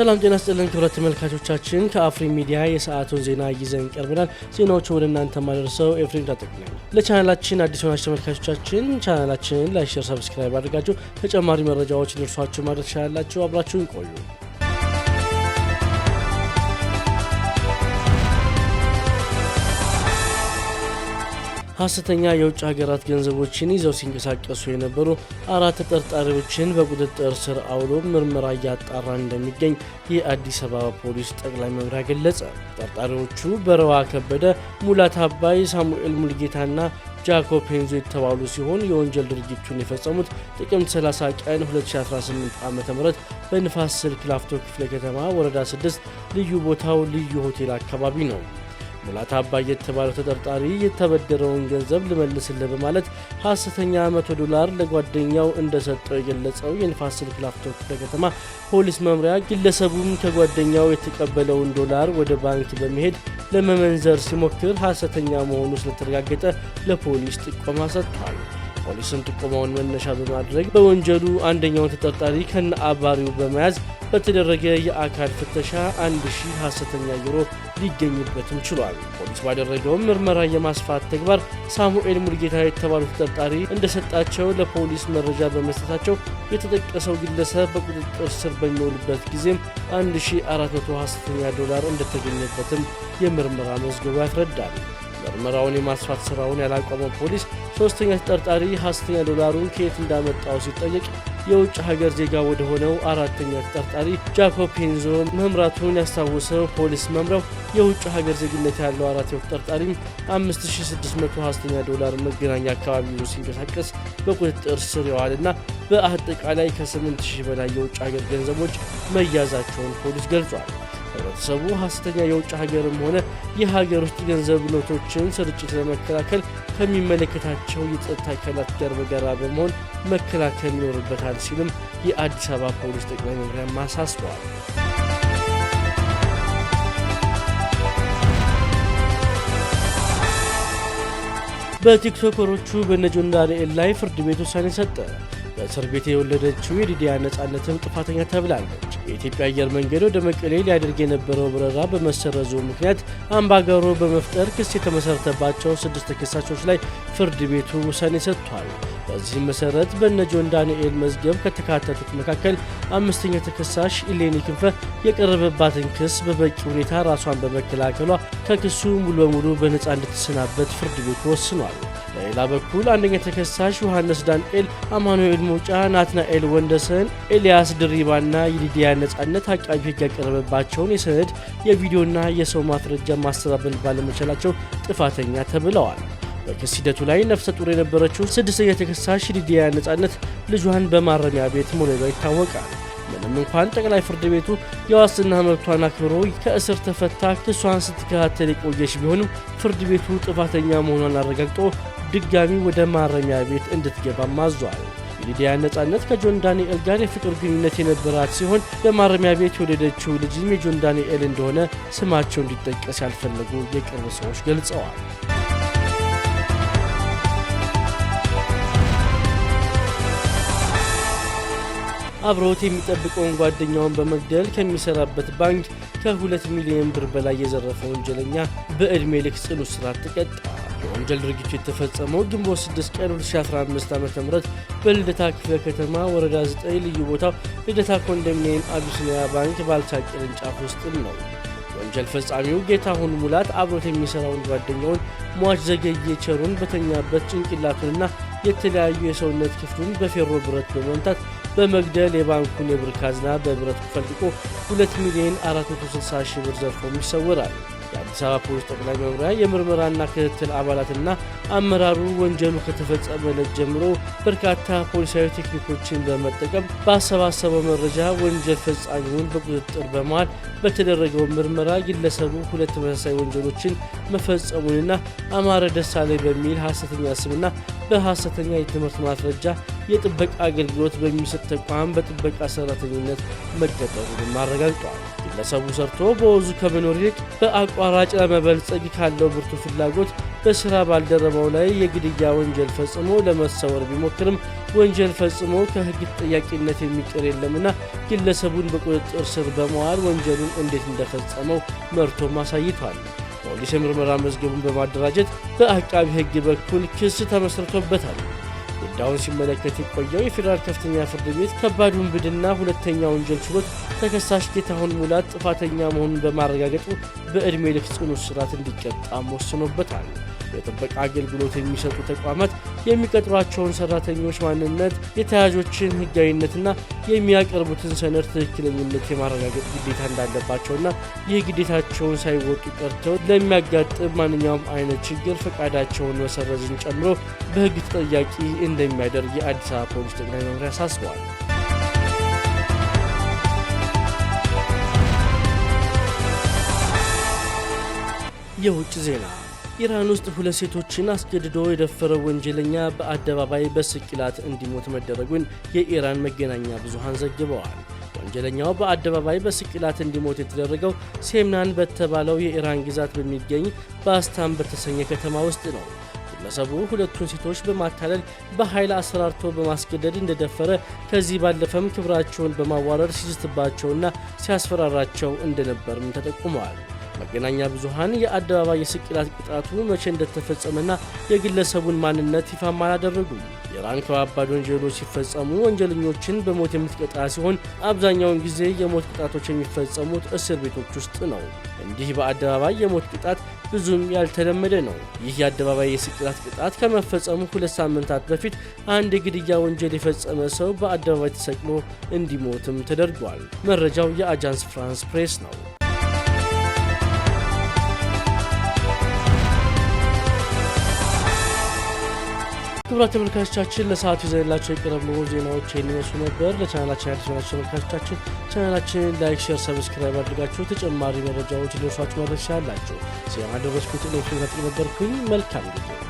ሰላም ጤና ስጥልን ክብረት ተመልካቾቻችን፣ ከአፍሪ ሚዲያ የሰዓቱን ዜና ይዘን ቀርበናል። ዜናዎቹ ወደ እናንተ ማደርሰው ኤፍሬም ታጠቅናል ለቻናላችን አዲስ ሆናችሁ ተመልካቾቻችን ቻናላችንን ላይሽር ሰብስክራይብ አድርጋችሁ ተጨማሪ መረጃዎች ደርሷችሁ ማድረግ ትችላላችሁ። አብራችሁን ቆዩ። ሀሰተኛ የውጭ ሀገራት ገንዘቦችን ይዘው ሲንቀሳቀሱ የነበሩ አራት ተጠርጣሪዎችን በቁጥጥር ስር አውሎ ምርመራ እያጣራ እንደሚገኝ የአዲስ አበባ ፖሊስ ጠቅላይ መምሪያ ገለጸ። ተጠርጣሪዎቹ በረዋ ከበደ፣ ሙላት አባይ፣ ሳሙኤል ሙልጌታና ጃኮብ ፔንዞ የተባሉ ሲሆን የወንጀል ድርጊቱን የፈጸሙት ጥቅምት 30 ቀን 2018 ዓ ም በንፋስ ስልክ ላፍቶ ክፍለ ከተማ ወረዳ 6 ልዩ ቦታው ልዩ ሆቴል አካባቢ ነው። ሙላት አባይ የተባለው ተጠርጣሪ የተበደረውን ገንዘብ ልመልስልህ በማለት ሀሰተኛ መቶ ዶላር ለጓደኛው እንደሰጠው የገለጸው የንፋስ ስልክ ላፍቶ ክፍለ ከተማ ፖሊስ መምሪያ ግለሰቡም ከጓደኛው የተቀበለውን ዶላር ወደ ባንክ በመሄድ ለመመንዘር ሲሞክር ሀሰተኛ መሆኑ ስለተረጋገጠ ለፖሊስ ጥቆማ ሰጥቷል። ፖሊስም ጥቆማውን መነሻ በማድረግ በወንጀሉ አንደኛውን ተጠርጣሪ ከነ አባሪው በመያዝ በተደረገ የአካል ፍተሻ አንድ ሺህ ሐሰተኛ ዩሮ ሊገኝበትም ችሏል። ፖሊስ ባደረገውም ምርመራ የማስፋት ተግባር ሳሙኤል ሙልጌታ የተባሉ ተጠርጣሪ እንደሰጣቸው ለፖሊስ መረጃ በመስጠታቸው የተጠቀሰው ግለሰብ በቁጥጥር ስር በሚውልበት ጊዜም 1400 ሐሰተኛ ዶላር እንደተገኘበትም የምርመራ መዝገቡ ያስረዳል። ምርመራውን የማስፋት ስራውን ያላቆመው ፖሊስ ሶስተኛ ተጠርጣሪ ሀሰተኛ ዶላሩን ከየት እንዳመጣው ሲጠየቅ የውጭ ሀገር ዜጋ ወደሆነው አራተኛ ተጠርጣሪ ጃኮብ ፔንዞ መምራቱን ያስታውሰው ፖሊስ መምሪያው የውጭ ሀገር ዜግነት ያለው አራተኛ ተጠርጣሪም 5600 ሀሰተኛ ዶላር መገናኛ አካባቢ ሲንቀሳቀስ በቁጥጥር ስር የዋልና በአጠቃላይ ከ8000 በላይ የውጭ ሀገር ገንዘቦች መያዛቸውን ፖሊስ ገልጿል። ህብረተሰቡ ሐሰተኛ የውጭ ሀገርም ሆነ የሀገር ውስጥ ገንዘብ ኖቶችን ስርጭት ለመከላከል ከሚመለከታቸው የጸጥታ አካላት ጋር በጋራ በመሆን መከላከል ይኖርበታል ሲልም የአዲስ አበባ ፖሊስ ጠቅላይ መምሪያ አሳስበዋል። በቲክቶከሮቹ በነጆና ዳንኤል ላይ ፍርድ ቤት ውሳኔ ሰጠ። በእስር ቤት የወለደችው የሊዲያ ነጻነትም ጥፋተኛ ተብላለች። የኢትዮጵያ አየር መንገድ ወደ መቀሌ ሊያደርግ የነበረው በረራ በመሰረዙ ምክንያት አምባገሮ በመፍጠር ክስ የተመሰረተባቸው ስድስት ተከሳሾች ላይ ፍርድ ቤቱ ውሳኔ ሰጥቷል። በዚህም መሰረት በነ ጆን ዳንኤል መዝገብ ከተካተቱት መካከል አምስተኛ ተከሳሽ ኢሌኒ ክንፈ የቀረበባትን ክስ በበቂ ሁኔታ ራሷን በመከላከሏ ከክሱ ሙሉ በሙሉ በነፃ እንድትሰናበት ፍርድ ቤቱ ወስኗል። በሌላ በኩል አንደኛ ተከሳሽ ዮሐንስ ዳንኤል፣ አማኑኤል ሞጫ፣ ናትናኤል ወንደሰን፣ ኤልያስ ድሪባና የሊዲያ ነጻነት አቃቢ ሕግ ያቀረበባቸውን የሰነድ የቪዲዮና የሰው ማስረጃ ማስተባበል ባለመቻላቸው ጥፋተኛ ተብለዋል። በክስ ሂደቱ ላይ ነፍሰ ጡር የነበረችው ስድስተኛ ተከሳሽ ሊዲያ ነጻነት ልጇን በማረሚያ ቤት መውለዷ ይታወቃል። ምንም እንኳን ጠቅላይ ፍርድ ቤቱ የዋስትና መብቷን አክብሮ ከእስር ተፈታ ክሷን ስትከታተል የቆየች ቢሆንም ፍርድ ቤቱ ጥፋተኛ መሆኗን አረጋግጦ ድጋሚ ወደ ማረሚያ ቤት እንድትገባም አዟል። ሊዲያ ነጻነት ከጆን ዳንኤል ጋር የፍቅር ግንኙነት የነበራት ሲሆን በማረሚያ ቤት የወለደችው ልጅም የጆን ዳንኤል እንደሆነ ስማቸው እንዲጠቀስ ያልፈለጉ የቅርብ ሰዎች ገልጸዋል። አብሮት የሚጠብቀውን ጓደኛውን በመግደል ከሚሰራበት ባንክ ከሁለት ሚሊዮን ብር በላይ የዘረፈ ወንጀለኛ በዕድሜ ልክ ጽኑ እስራት ተቀጣ። የወንጀል ድርጊቱ የተፈጸመው ግንቦት 6 ቀን 2015 ዓ.ም በልደታ ክፍለ ከተማ ወረዳ 9 ልዩ ቦታው ልደታ ኮንዶሚኒየም አቢሲኒያ ባንክ ባልቻ ቅርንጫፍ ውስጥም ነው። ወንጀል ፈጻሚው ጌታሁን ሙላት አብሮት የሚሰራውን ጓደኛውን ሟች ዘገየ ቸሩን በተኛበት ጭንቅላቱንና የተለያዩ የሰውነት ክፍሉን በፌሮ ብረት በመምታት በመግደል የባንኩን የብር ካዝና በብረት ፈልቆ 2 ሚሊዮን 460 ሺህ ብር ዘርፎም ይሰውራል። የአዲስ አበባ ፖሊስ ጠቅላይ መምሪያ የምርመራና ክትትል አባላትና አመራሩ ወንጀሉ ከተፈጸመ ዕለት ጀምሮ በርካታ ፖሊሳዊ ቴክኒኮችን በመጠቀም ባሰባሰበው መረጃ ወንጀል ፈጻሚውን በቁጥጥር በመዋል በተደረገው ምርመራ ግለሰቡ ሁለት ተመሳሳይ ወንጀሎችን መፈጸሙንና አማረ ደሳለኝ በሚል ሐሰተኛ ስምና በሐሰተኛ የትምህርት ማስረጃ የጥበቃ አገልግሎት በሚሰጥ ተቋም በጥበቃ ሰራተኝነት መቀጠሩንም አረጋግጧል። ግለሰቡ ሰርቶ በወዙ ከመኖር ይልቅ በአቋራጭ ለመበልጸግ ካለው ብርቱ ፍላጎት በስራ ባልደረባው ላይ የግድያ ወንጀል ፈጽሞ ለመሰወር ቢሞክርም ወንጀል ፈጽሞ ከህግ ተጠያቂነት የሚቀር የለምና ግለሰቡን በቁጥጥር ስር በመዋል ወንጀሉን እንዴት እንደፈጸመው መርቶም አሳይቷል። ፖሊስ የምርመራ መዝገቡን በማደራጀት በአቃቢ ህግ በኩል ክስ ተመስርቶበታል። ጉዳዩን ሲመለከት የቆየው የፌዴራል ከፍተኛ ፍርድ ቤት ከባድ ውንብድና ሁለተኛ ወንጀል ችሎት ተከሳሽ ጌታሁን ሙላት ጥፋተኛ መሆኑን በማረጋገጡ በዕድሜ ልክ ጽኑ እስራት እንዲቀጣም ወስኖበታል። የጥበቃ አገልግሎት የሚሰጡ ተቋማት የሚቀጥሯቸውን ሰራተኞች ማንነት፣ የተያዦችን ህጋዊነትና የሚያቀርቡትን ሰነድ ትክክለኝነት የማረጋገጥ ግዴታ እንዳለባቸውና ይህ ግዴታቸውን ሳይወጡ ቀርተው ለሚያጋጥም ማንኛውም አይነት ችግር ፈቃዳቸውን መሰረዝን ጨምሮ በህግ ተጠያቂ እንደሚያደርግ የአዲስ አበባ ፖሊስ ጠቅላይ መምሪያ አሳስበዋል። የውጭ ዜና ኢራን ውስጥ ሁለት ሴቶችን አስገድዶ የደፈረው ወንጀለኛ በአደባባይ በስቅላት እንዲሞት መደረጉን የኢራን መገናኛ ብዙሃን ዘግበዋል። ወንጀለኛው በአደባባይ በስቅላት እንዲሞት የተደረገው ሴምናን በተባለው የኢራን ግዛት በሚገኝ ባስታን በተሰኘ ከተማ ውስጥ ነው። ግለሰቡ ሁለቱን ሴቶች በማታለል በኃይል አሰራርቶ በማስገደድ እንደደፈረ ከዚህ ባለፈም ክብራቸውን በማዋረድ ሲዝትባቸውና ሲያስፈራራቸው እንደነበርም ተጠቁመዋል። መገናኛ ብዙሀን የአደባባይ የስቅላት ቅጣቱ መቼ እንደተፈጸመና የግለሰቡን ማንነት ይፋም አላደረጉም። ኢራን ከባባድ ወንጀሎች ሲፈጸሙ ወንጀለኞችን በሞት የምትቀጣ ሲሆን አብዛኛውን ጊዜ የሞት ቅጣቶች የሚፈጸሙት እስር ቤቶች ውስጥ ነው። እንዲህ በአደባባይ የሞት ቅጣት ብዙም ያልተለመደ ነው። ይህ የአደባባይ የስቅላት ቅጣት ከመፈጸሙ ሁለት ሳምንታት በፊት አንድ የግድያ ወንጀል የፈጸመ ሰው በአደባባይ ተሰቅሎ እንዲሞትም ተደርጓል። መረጃው የአጃንስ ፍራንስ ፕሬስ ነው። ክቡራት ተመልካቾቻችን ለሰዓቱ ይዘንላቸው የቀረቡ ዜናዎች የሚመስሉ ነበር። ለቻናላችን አዲስ ሆናችሁ ተመልካቾቻችን ቻናላችንን ላይክ፣ ሼር፣ ሰብስክራይብ አድርጋችሁ ተጨማሪ መረጃዎች ሊደርሷችሁ ማድረግ ትችላላችሁ። ዜና ደረስኩት ኖቱ ነበርኩኝ። መልካም ጊዜ